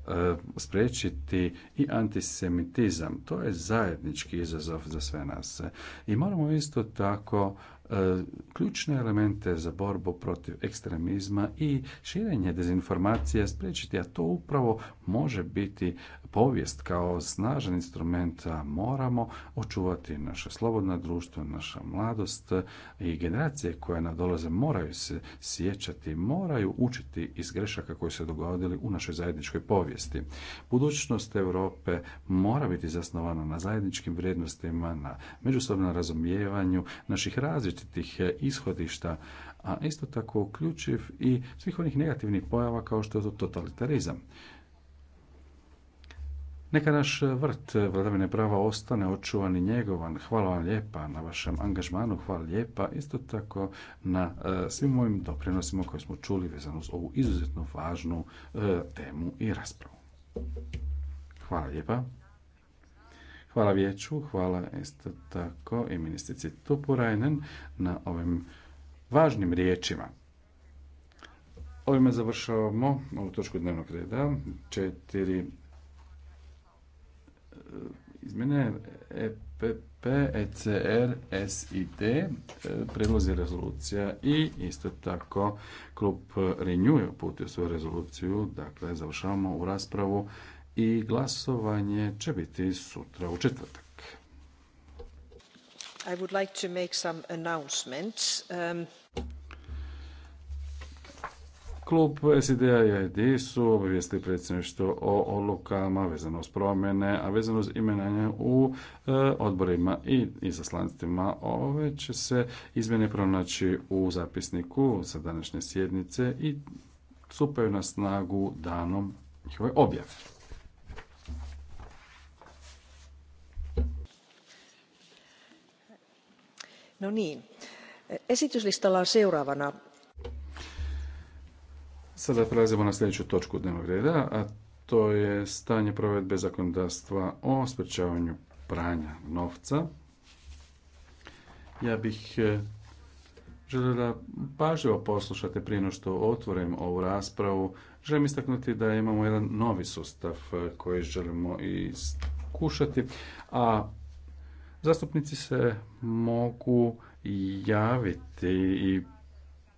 Speaker 1: E, spriječiti i antisemitizam. To je zajednički izazov za sve nas. I moramo isto tako E, ključne elemente za borbu protiv ekstremizma i širenje dezinformacija spriječiti, a to upravo može biti povijest kao snažan instrument, a moramo očuvati naše slobodno društvo, naša mladost i generacije koje nadolaze moraju se sjećati, moraju učiti iz grešaka koje se dogodili u našoj zajedničkoj povijesti. Budućnost Europe mora biti zasnovana na zajedničkim vrijednostima, na međusobnom razumijevanju naših različitih tih e, ishodišta, a isto tako uključiv i svih onih negativnih pojava kao što je totalitarizam. Neka naš vrt vladavine prava ostane očuvan i njegovan. Hvala vam lijepa na vašem angažmanu, hvala lijepa isto tako na e, svim mojim doprinosima koje smo čuli vezano uz ovu izuzetno važnu e, temu i raspravu. Hvala lijepa. Hvala vijeću, hvala isto tako i ministrici Tupurajnen na ovim važnim riječima. Ovime završavamo ovu točku dnevnog reda. Četiri e, izmjene EPP, ECR, SID, e, predlozi rezolucija i isto tako klub Renew je uputio svoju rezoluciju. Dakle, završavamo u raspravu i glasovanje će biti sutra u četvrtak.
Speaker 4: I would like to make some announcements. Um,
Speaker 1: Klub sid i ID su obavijesti predsjedništvo o odlukama vezano s promjene, a vezano s imenanje u e, odborima i izaslanstvima. Ove će se izmjene pronaći u zapisniku sa današnje sjednice i stupaju na snagu danom njihove objave. Sada prelazimo na sljedeću točku dnevnog reda, a to je stanje provedbe zakonodavstva o sprečavanju pranja novca. Ja bih e, da pažljivo poslušate prije no što otvorim ovu raspravu. Želim istaknuti da imamo jedan novi sustav e, koji želimo iskušati, a Zastupnici se mogu javiti i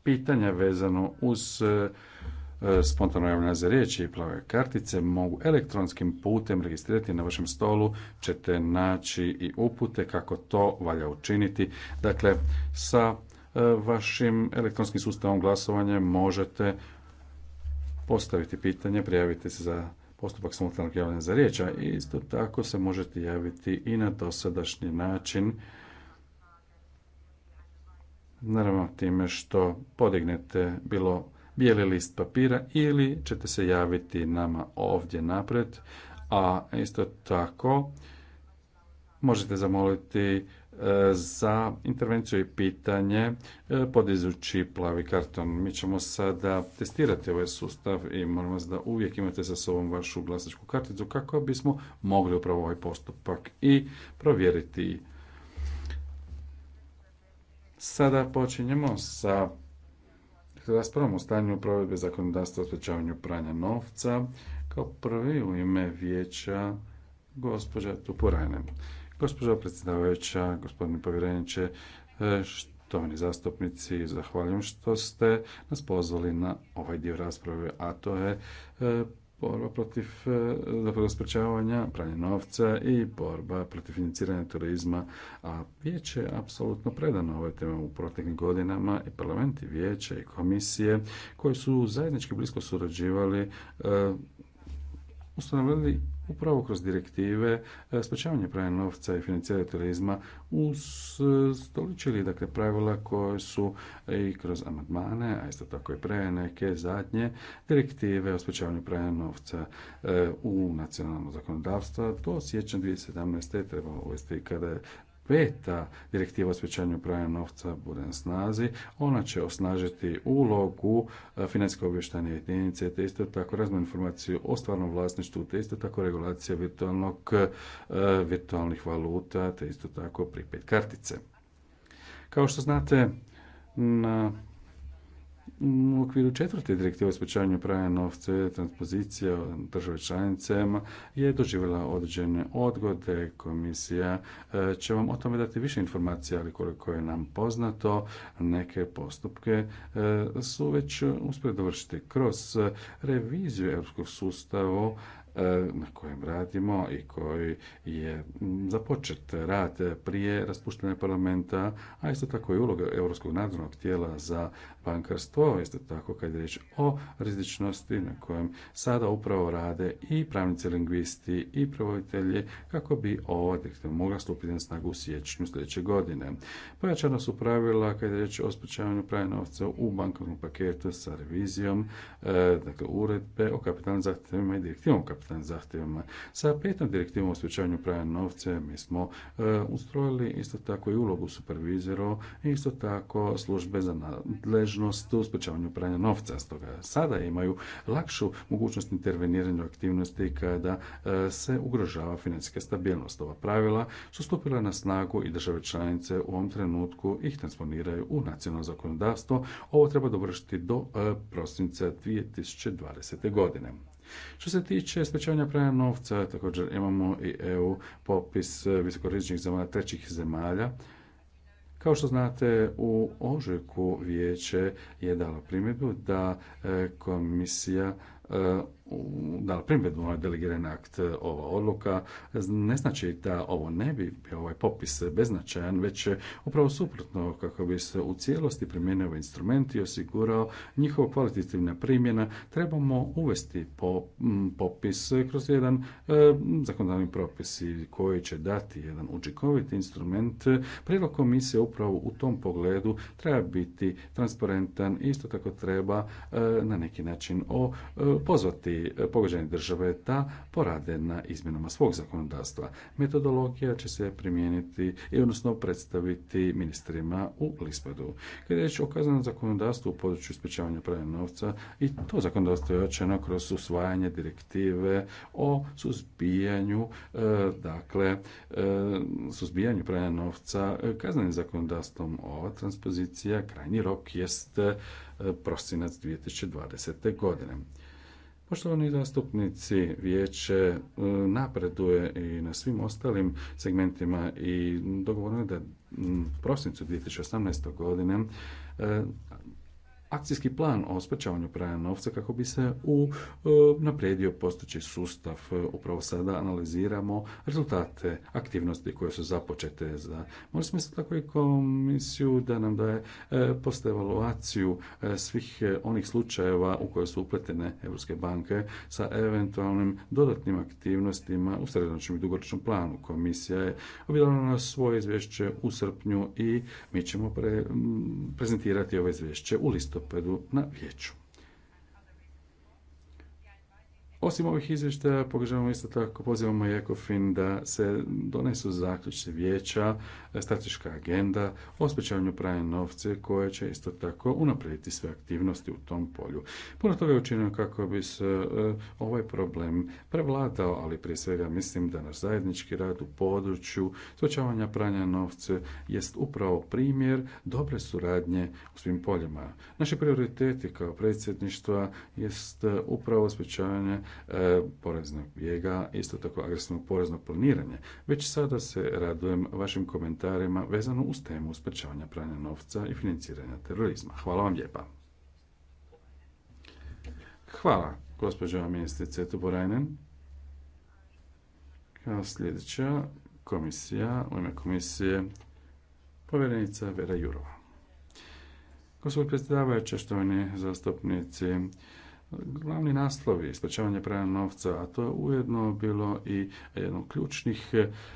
Speaker 1: pitanja vezano uz e, spontano javljanje za riječi i plave kartice mogu elektronskim putem registrirati na vašem stolu ćete naći i upute kako to valja učiniti dakle sa e, vašim elektronskim sustavom glasovanja možete postaviti pitanje prijaviti se za postupak samotnog javljanja za riječ, a isto tako se možete javiti i na dosadašnji način naravno time što podignete bilo bijeli list papira ili ćete se javiti nama ovdje napred, a isto tako možete zamoliti za intervenciju i pitanje e, podizući plavi karton. Mi ćemo sada testirati ovaj sustav i molim vas da uvijek imate sa sobom vašu glasačku karticu kako bismo mogli upravo ovaj postupak i provjeriti. Sada počinjemo sa raspravom o stanju provedbe zakonodavstva o sprečavanju pranja novca. Kao prvi u ime vijeća gospođa Tupurajnen. Gospođo predsjedavajuća, gospodine povjereniče, e, štovani zastupnici, zahvaljujem što ste nas pozvali na ovaj dio rasprave, a to je e, borba protiv e, zapravo sprečavanja pranja novca i borba protiv financiranja turizma, a vijeće je apsolutno predano ovoj temi u proteklim godinama i parlamenti vijeće i komisije koji su zajednički blisko surađivali ustanovili upravo kroz direktive e, sprečavanje pranja novca i financiranja terorizma ustoličili e, dakle pravila koje su e, i kroz amandmane, a isto tako i pre neke zadnje direktive o sprečavanju pranja novca u nacionalno zakonodavstvo. To sjećam 2017. je trebalo uvesti kada je peta direktiva o sprječavanju pranja novca bude na snazi, ona će osnažiti ulogu e, financijske obještanje jedinice, te isto tako razno informaciju o stvarnom vlasništvu, te isto tako regulacija virtualnog, e, virtualnih valuta, te isto tako pripet kartice. Kao što znate, na u okviru četvrte direktive o sprečavanju pranja novca transpozicija države članicama je doživjela određene odgode. Komisija e, će vam o tome dati više informacija, ali koliko je nam poznato, neke postupke e, su već uspjeli dovršiti kroz reviziju europskog sustava e, na kojem radimo i koji je započet rad prije raspuštanja parlamenta, a isto tako i uloga Europskog nadzornog tijela za bankarstvo, isto tako kad je riječ o rizičnosti na kojem sada upravo rade i pravnici lingvisti i provoditelji kako bi ova direktiva mogla stupiti na snagu u siječnju sljedeće godine. Pojačana su pravila kad je riječ o sprečavanju pranja novca u bankovnom paketu sa revizijom, e, dakle uredbe o kapitalnim zahtjevima i direktivom o kapitalnim zahtjevima. Sa petom direktivom o sprečavanju pranja novca mi smo e, ustrojili isto tako i ulogu supervizora i isto tako službe za nadležnost nadležnost u sprečavanju pranja novca. Stoga sada imaju lakšu mogućnost interveniranja aktivnosti kada e, se ugrožava financijska stabilnost. Ova pravila su stupila na snagu i države članice u ovom trenutku ih transponiraju u nacionalno zakonodavstvo. Ovo treba dovršiti do e, prosinca 2020. godine. Što se tiče sprečavanja pranja novca, također imamo i EU popis e, visokorizičnih zemalja, trećih zemalja kao što znate, u ožujku vijeće je dala primjedbu da e, komisija e, dala primjedbu ovaj delegiran akt e, ova odluka, ne znači da ovo ne bi ovaj popis beznačajan, već upravo suprotno kako bi se u cijelosti primijenio ovaj instrument i osigurao njihova kvalitativna primjena, trebamo uvesti po, popis kroz jedan e, zakonodavni propis koji će dati jedan učinkoviti instrument. Prijedlog komisije upravo u tom pogledu treba biti transparentan, isto tako treba e, na neki način o, e, pozvati i e, pogođene države da porade na izmjenama svog zakonodavstva. Metodologija će se primijeniti i odnosno predstaviti ministrima u Lispadu. Kada je riječ o kaznenom zakonodavstvu u području sprečavanja pranja novca i to zakonodavstvo je očeno kroz usvajanje direktive o suzbijanju e, dakle e, suzbijanju pranja novca kaznenim zakonodavstvom ova transpozicija krajnji rok jest prosinac 2020. godine. Poštovani zastupnici, vijeće e, napreduje i na svim ostalim segmentima i dogovoreno je da prosincu 2018. godine e, akcijski plan o sprečavanju pranja novca kako bi se u e, napredio postojeći sustav. E, upravo sada analiziramo rezultate aktivnosti koje su započete. Za, Molim smo isto tako i komisiju da nam daje e, post evaluaciju svih onih slučajeva u koje su upletene Europske banke sa eventualnim dodatnim aktivnostima u srednjoročnom i dugoročnom planu. Komisija je objavila svoje izvješće u srpnju i mi ćemo prezentirati ovo izvješće u listopadu listopadu na vijeću. Osim ovih izvještaja, pogažavamo isto tako, pozivamo i fin da se donesu zaključci vijeća, strateška agenda o sprečavanju pranja novce koje će isto tako unaprijediti sve aktivnosti u tom polju. Puno toga je učinjeno kako bi se e, ovaj problem prevladao, ali prije svega mislim da naš zajednički rad u području sprečavanja pranja novce jest upravo primjer dobre suradnje u svim poljima. Naši prioriteti kao predsjedništva jest e, upravo sprečavanje E, poreznog bijega, isto tako agresivnog poreznog planiranja. Već sada se radujem vašim komentarima vezano uz temu sprečavanja pranja novca i financiranja terorizma. Hvala vam lijepa. Hvala, gospođo ministrice Tuborajnen. Kao sljedeća komisija, u ime komisije, povjerenica Vera Jurova. Gospod predsjedavajuća, štovani zastupnici, glavni naslovi sprečavanje pranja novca, a to je ujedno bilo i jedno od ključnih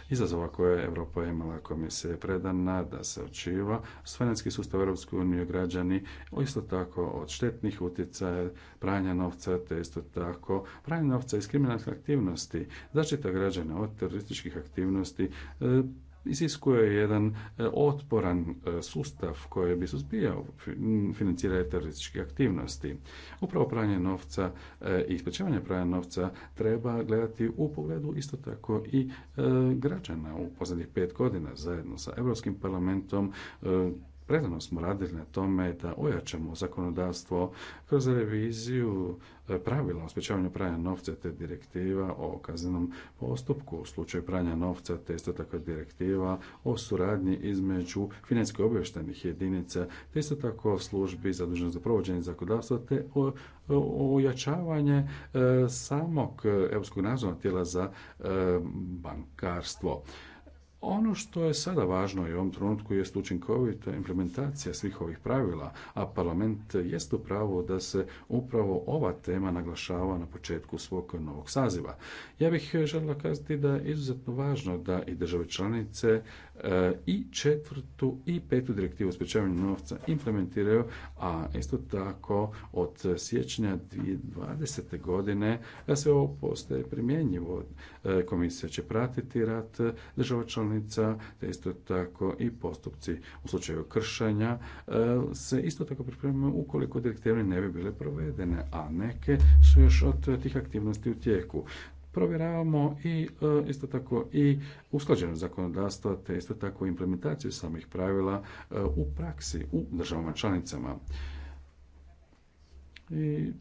Speaker 1: izazova koje je Europa imala mi se je predana da se očiva financijski sustav Europske unije građani, isto tako od štetnih utjecaja pranja novca, te isto tako pranja novca iz kriminalnih aktivnosti, zaštita građana od terorističkih aktivnosti, iziskuje jedan e, otporan e, sustav koji bi suzbijao financiranje terorističke aktivnosti. Upravo pranje novca e, i sprečavanje pranja novca treba gledati u pogledu isto tako i građana u posljednjih pet godina zajedno sa Europskim parlamentom Predano smo radili na tome da ojačamo zakonodavstvo kroz reviziju e, pravila o sprječavanju pranja novca te direktiva o kaznenom postupku u slučaju pranja novca te isto tako direktiva o suradnji između financijskih obještenih jedinica te isto tako službi zaduženih za provođenje zakonodavstva te ojačavanje e, samog e, europskog nadzornog tijela za bankarstvo. Ono što je sada važno i u ovom trenutku jest učinkovita implementacija svih ovih pravila, a parlament jest u pravo da se upravo ova tema naglašava na početku svog novog saziva. Ja bih želila kazati da je izuzetno važno da i države članice E, i četvrtu i petu direktivu o sprečavanju novca implementiraju, a isto tako od siječnja 2020. godine se ovo postaje primjenjivo. E, komisija će pratiti rad država članica, te isto tako i postupci u slučaju kršenja e, se isto tako pripremaju ukoliko direktive ne bi bile provedene, a neke su još od tih aktivnosti u tijeku provjeravamo i e, isto tako i usklađenost zakonodavstva, te isto tako implementaciju samih pravila e, u praksi u državama članicama. I